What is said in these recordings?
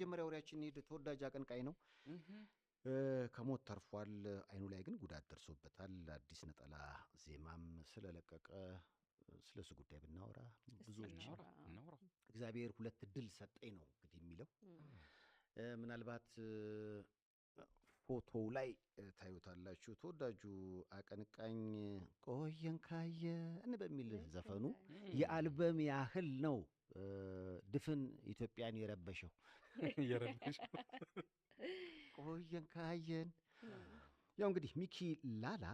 መጀመሪያ ወሬያችን ሄድ ተወዳጅ አቀንቃኝ ነው። ከሞት ተርፏል። አይኑ ላይ ግን ጉዳት ደርሶበታል። አዲስ ነጠላ ዜማም ስለለቀቀ ስለ ጉዳይ ብናወራ ብዙዎች እግዚአብሔር ሁለት ድል ሰጠኝ ነው እንግዲህ የሚለው ምናልባት ፎቶው ላይ ታዩታላችሁ። ተወዳጁ አቀንቃኝ ቆየን ካየን በሚል ዘፈኑ የአልበም ያህል ነው ድፍን ኢትዮጵያን የረበሸው። እየረዳሽ ቆየን ካየን። ያው እንግዲህ ሚኪ ላላ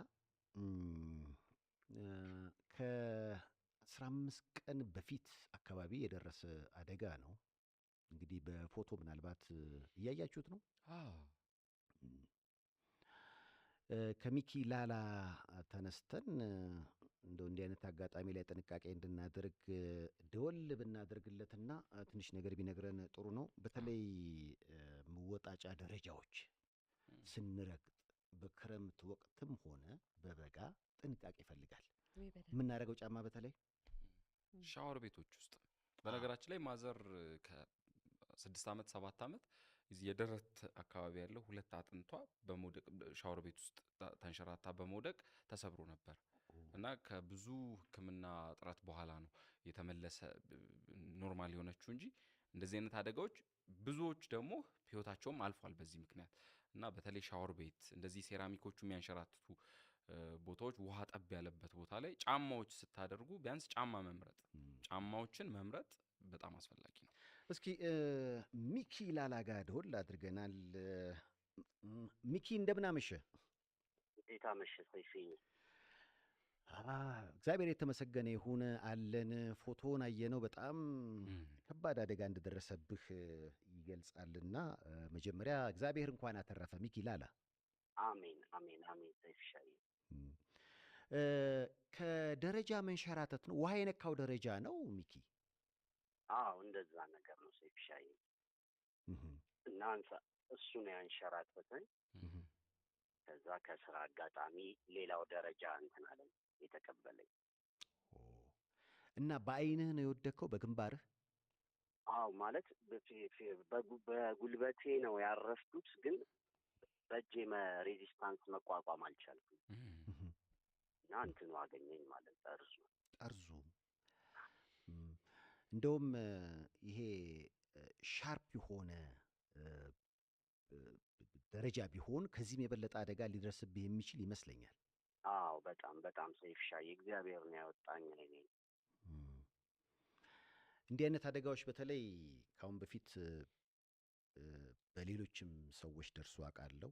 ከአስራ አምስት ቀን በፊት አካባቢ የደረሰ አደጋ ነው። እንግዲህ በፎቶ ምናልባት እያያችሁት ነው። ከሚኪ ላላ ተነስተን እንደ እንዲህ አይነት አጋጣሚ ላይ ጥንቃቄ እንድናደርግ ደወል ብናደርግለትና ትንሽ ነገር ቢነግረን ጥሩ ነው። በተለይ መወጣጫ ደረጃዎች ስንረግጥ በክረምት ወቅትም ሆነ በበጋ ጥንቃቄ ይፈልጋል። የምናደርገው ጫማ በተለይ ሻወር ቤቶች ውስጥ በነገራችን ላይ ማዘር ከስድስት ዓመት ሰባት ዓመት እዚህ የደረት አካባቢ ያለው ሁለት አጥንቷ በመውደቅ ሻወር ቤት ውስጥ ተንሸራታ በመውደቅ ተሰብሮ ነበር እና ከብዙ ሕክምና ጥረት በኋላ ነው የተመለሰ ኖርማል የሆነችው እንጂ እንደዚህ አይነት አደጋዎች ብዙዎች ደግሞ ህይወታቸውም አልፏል በዚህ ምክንያት እና በተለይ ሻወር ቤት እንደዚህ ሴራሚኮቹ የሚያንሸራትቱ ቦታዎች ውሃ ጠብ ያለበት ቦታ ላይ ጫማዎች ስታደርጉ ቢያንስ ጫማ መምረጥ ጫማዎችን መምረጥ በጣም አስፈላጊ ነው። እስኪ ሚኪ ላላጋ ደወል አድርገናል። ሚኪ እንደምን አመሸ? እንዴት አመሸ ሰይፍዬ? እግዚአብሔር የተመሰገነ የሆነ አለን። ፎቶውን አየነው። በጣም ከባድ አደጋ እንደደረሰብህ ይገልጻልና መጀመሪያ እግዚአብሔር እንኳን አተረፈ ሚኪ ላላ። አሜን አሜን አሜን። ሰይፍሻዬ ከደረጃ መንሸራተት ነው ውሃ የነካው ደረጃ ነው ሚኪ አዎ እንደዛ ነገር ነው ሴፍ ሻይ እና አንሳ እሱ ነው ያንሸራተተኝ። ከዛ ከስራ አጋጣሚ ሌላው ደረጃ እንትን አለኝ የተቀበለኝ እና በአይንህ ነው የወደከው በግንባርህ? አዎ ማለት በጉልበቴ ነው ያረፍኩት፣ ግን በእጄ ሬዚስታንስ መቋቋም አልቻልኩም እና እንትኑ አገኘኝ ማለት ጠርዙ ጠርዙ እንደውም ይሄ ሻርፕ የሆነ ደረጃ ቢሆን ከዚህም የበለጠ አደጋ ሊደርስብህ የሚችል ይመስለኛል። አዎ በጣም በጣም ሰይፍ ሻይ እግዚአብሔር ነው ያወጣኝ። እኔ እንዲህ አይነት አደጋዎች በተለይ ከአሁን በፊት በሌሎችም ሰዎች ደርሶ አውቃለሁ።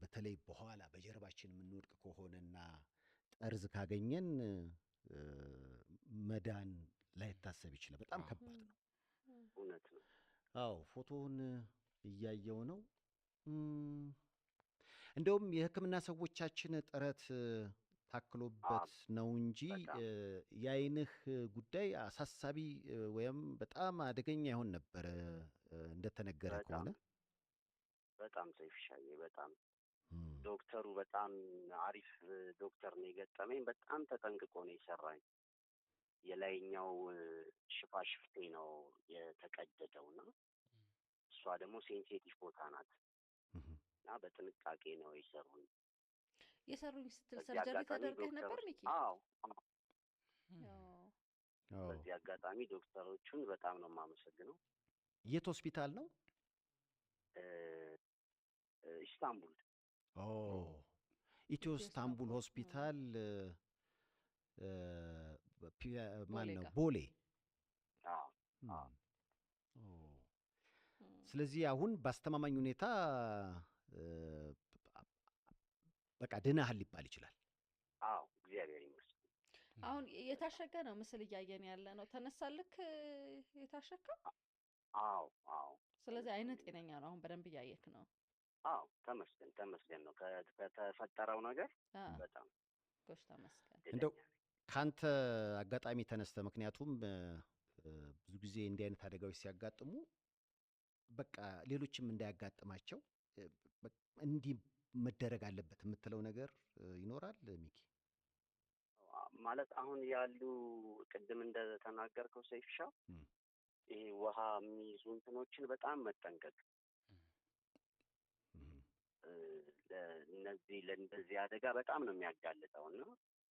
በተለይ በኋላ በጀርባችን የምንወድቅ ከሆነና ጠርዝ ካገኘን መዳን ላይታሰብ ይችላል። በጣም ከባድ ነው። እውነት ነው። አዎ ፎቶውን እያየው ነው። እንደውም የሕክምና ሰዎቻችን ጥረት ታክሎበት ነው እንጂ የአይንህ ጉዳይ አሳሳቢ ወይም በጣም አደገኛ ይሆን ነበረ እንደተነገረ ከሆነ በጣም ሰይፍ በጣም ዶክተሩ በጣም አሪፍ ዶክተር ነው የገጠመኝ። በጣም ተጠንቅቆ ነው የሰራኝ። የላይኛው ሽፋሽፍቴ ነው የተቀደደው እና እሷ ደግሞ ሴንሴቲቭ ቦታ ናት እና በጥንቃቄ ነው የሰሩኝ። የሰሩኝ ስትል ሰርጀሪ ተደርገህ ነበር ሚኪ? አዎ። በዚህ አጋጣሚ ዶክተሮቹን በጣም ነው የማመሰግነው። የት ሆስፒታል ነው? ኢስታንቡል። ኦ ኢትዮ ስታንቡል ሆስፒታል ማን ነው ቦሌ። ስለዚህ አሁን በአስተማማኝ ሁኔታ በቃ ድናህል ሊባል ይችላል። አዎ እግዚአብሔር አሁን የታሸገ ነው ምስል እያየን ያለ ነው። ተነሳልክ የታሸከ አዎ አዎ። ስለዚህ አይነት ጤነኛ ነው። አሁን በደንብ እያየክ ነው። አዎ ተመስገን ተመስገን ነው ከተፈጠረው ነገር በጣም ጎሽ ተመስገን። እንደው ከአንተ አጋጣሚ ተነስተ ምክንያቱም ብዙ ጊዜ እንዲህ አይነት አደጋዎች ሲያጋጥሙ በቃ ሌሎችም እንዳያጋጥማቸው እንዲህ መደረግ አለበት የምትለው ነገር ይኖራል ሚኪ? ማለት አሁን ያሉ ቅድም እንደተናገርከው ሰይፍሻ ይህ ውሃ የሚይዙ እንትኖችን በጣም መጠንቀቅ እነዚህ ለእንደዚህ አደጋ በጣም ነው የሚያጋልጠው እና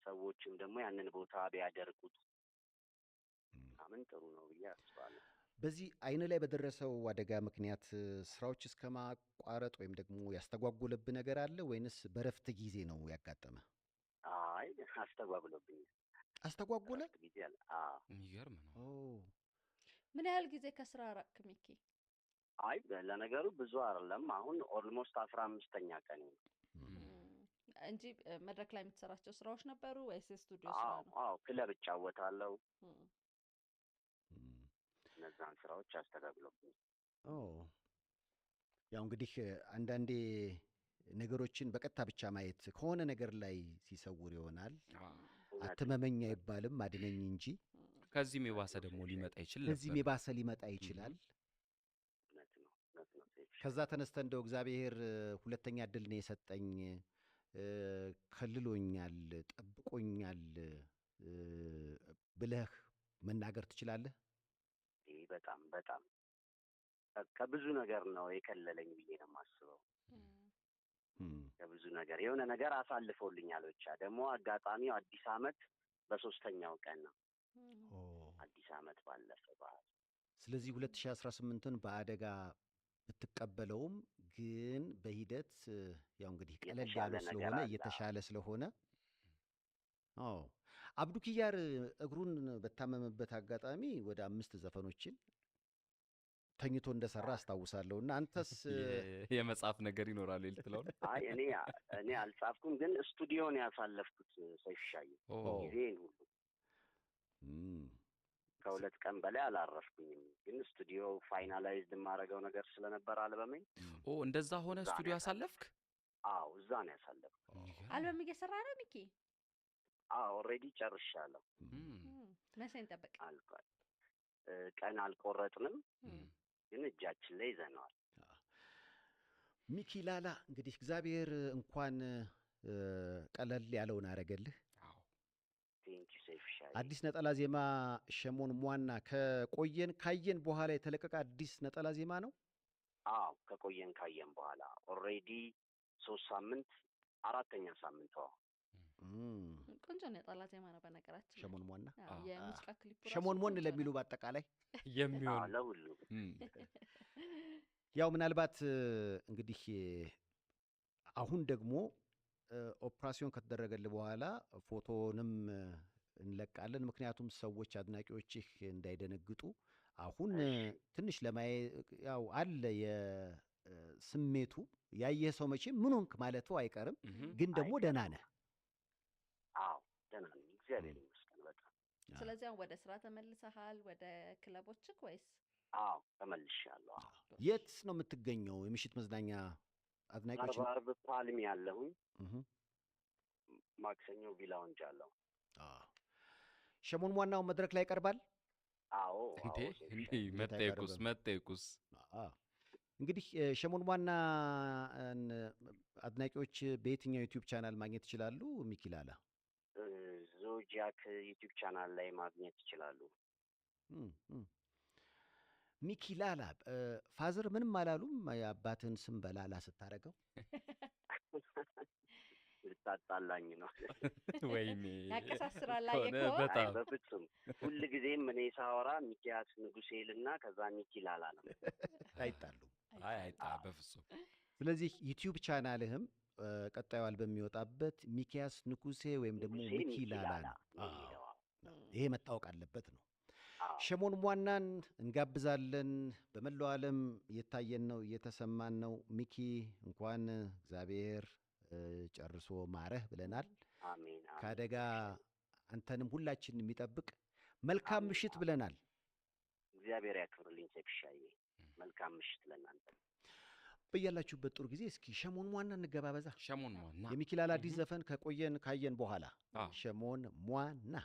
ሰዎችም ደግሞ ያንን ቦታ ቢያደርጉት ምን ጥሩ ነው ብዬ አስባለሁ። በዚህ አይን ላይ በደረሰው አደጋ ምክንያት ስራዎች እስከ ማቋረጥ ወይም ደግሞ ያስተጓጉለብ ነገር አለ ወይንስ በረፍት ጊዜ ነው ያጋጠመ? አይ አስተጓጉለብኝ። አስተጓጉለ ጊዜ አለ። ነው። ምን ያህል ጊዜ ከስራ ራቅ ሚኪ? አይ ለነገሩ ብዙ አይደለም። አሁን ኦልሞስት አስራ አምስተኛ ቀን እንጂ መድረክ ላይ የምትሰራቸው ስራዎች ነበሩ ወይስ ስቱዲዮ ስራ ነው? አዎ ክለብ እጫወታለሁ። እነዛን ስራዎች አስተካክለው ያው እንግዲህ አንዳንዴ ነገሮችን በቀጥታ ብቻ ማየት ከሆነ ነገር ላይ ሲሰውር ይሆናል። አትመመኝ አይባልም አድነኝ እንጂ ከዚህም የባሰ ደግሞ ሊመጣ ይችላል። ከዚህም የባሰ ሊመጣ ይችላል። ከዛ ተነስተ እንደው እግዚአብሔር ሁለተኛ እድል ነው የሰጠኝ ከልሎኛል፣ ጠብቆኛል ብለህ መናገር ትችላለህ? በጣም በጣም ከብዙ ነገር ነው የከለለኝ ብዬ ነው የማስበው። ከብዙ ነገር የሆነ ነገር አሳልፈውልኛል። ብቻ ደግሞ አጋጣሚው አዲስ አመት በሶስተኛው ቀን ነው አዲስ አመት ባለፈ ባህል። ስለዚህ ሁለት ሺህ አስራ ስምንትን በአደጋ ብትቀበለውም ግን በሂደት ያው እንግዲህ ቀለል ያለ ስለሆነ እየተሻለ ስለሆነ አዎ አብዱ ኪያር እግሩን በታመመበት አጋጣሚ ወደ አምስት ዘፈኖችን ተኝቶ እንደሰራ አስታውሳለሁ። እና አንተስ የመጽሐፍ ነገር ይኖራል ልትለው? አይ እኔ እኔ አልጻፍኩም፣ ግን ስቱዲዮን ያሳለፍኩት ሰይፍሻዬ ጊዜ ሁሉ ከሁለት ቀን በላይ አላረፍኩኝም። ግን ስቱዲዮ ፋይናላይዝድ የማደርገው ነገር ስለነበረ አልበሜን። ኦ እንደዛ ሆነ። ስቱዲዮ አሳለፍክ? አዎ እዛ ነው ያሳለፍኩ። አልበም እየሰራ ነው ሚኪ? አዎ ኦልሬዲ ጨርሻለሁ። መሰኝ ጠበቅ አልኳል። ቀን አልቆረጥንም፣ ግን እጃችን ላይ ይዘነዋል። ሚኪ ላላ እንግዲህ እግዚአብሔር እንኳን ቀለል ያለውን አረገልህ። ቴንኪ አዲስ ነጠላ ዜማ ሸሞን ሟና ከቆየን ካየን በኋላ የተለቀቀ አዲስ ነጠላ ዜማ ነው። አዎ ከቆየን ካየን በኋላ ኦሬዲ ሶስት ሳምንት አራተኛ ሳምንቷ ቆንጆ ነጠላ ዜማ ነው። በነገራችን ሸሞን ሟና የሙዚቃ ክሊፕ ሸሞን ሞን ለሚሉ በአጠቃላይ የሚሆን ለሁሉ ያው ምናልባት እንግዲህ አሁን ደግሞ ኦፕራሲዮን ከተደረገል በኋላ ፎቶንም እንለቃለን። ምክንያቱም ሰዎች አድናቂዎችህ እንዳይደነግጡ አሁን ትንሽ ለማየት ያው አለ የስሜቱ ያየህ ሰው መቼም ምን ሆንክ ማለቱ አይቀርም። ግን ደግሞ ደህና ነህ? አዎ ደህና ነኝ፣ እግዚአብሔር ይመስገን በጣም። ስለዚህ ወደ ስራ ተመልሰሃል ወደ ክለቦችህ ወይስ? አዎ ተመልሻለሁ። የት ነው የምትገኘው? የምሽት መዝናኛ አድናቂዎች አርብ ፓልሚ ያለሁኝ፣ ማክሰኞ ቪላ ቪላውንጅ አለሁ። ሸሞን ዋናው መድረክ ላይ ይቀርባል። መጠየቁስ መጠየቁስ እንግዲህ ሸሞን ዋና አድናቂዎች በየትኛው ዩቲዩብ ቻናል ማግኘት ይችላሉ? ሚኪላላ ዞጂያክ ዩቲዩብ ቻናል ላይ ማግኘት ይችላሉ። ሚኪላላ ፋዘር ምንም አላሉም? የአባትህን ስም በላላ ስታደርገው ልታጣላኝ ነው ወይኔ ያቀሳስራል በጣም በፍጹም ሁል ጊዜም እኔ ሳወራ ሚኪያስ ንጉሴል እና ከዛ ሚኪ ላላ ነው አይጣሉም አይ አይጣ በፍጹም ስለዚህ ዩቲዩብ ቻናልህም ቀጣዩ አልበም የሚወጣበት ሚኪያስ ንጉሴ ወይም ደግሞ ሚኪ ላላ ነው ይሄ መታወቅ አለበት ነው ሸሞን ሟናን እንጋብዛለን። በመላው ዓለም እየታየን ነው፣ እየተሰማን ነው። ሚኪ እንኳን እግዚአብሔር ጨርሶ ማረህ ብለናል። ከአደጋ አንተንም ሁላችን የሚጠብቅ መልካም ምሽት ብለናል። እግዚአብሔር ያክብርልኝ ሴክሻዬ። መልካም ምሽት ለእናንተ በያላችሁበት ጥሩ ጊዜ። እስኪ ሸሞን ሟና እንገባበዛ። ሸሞን ሟና የሚኪላል አዲስ ዘፈን ከቆየን ካየን በኋላ ሸሞን ሟና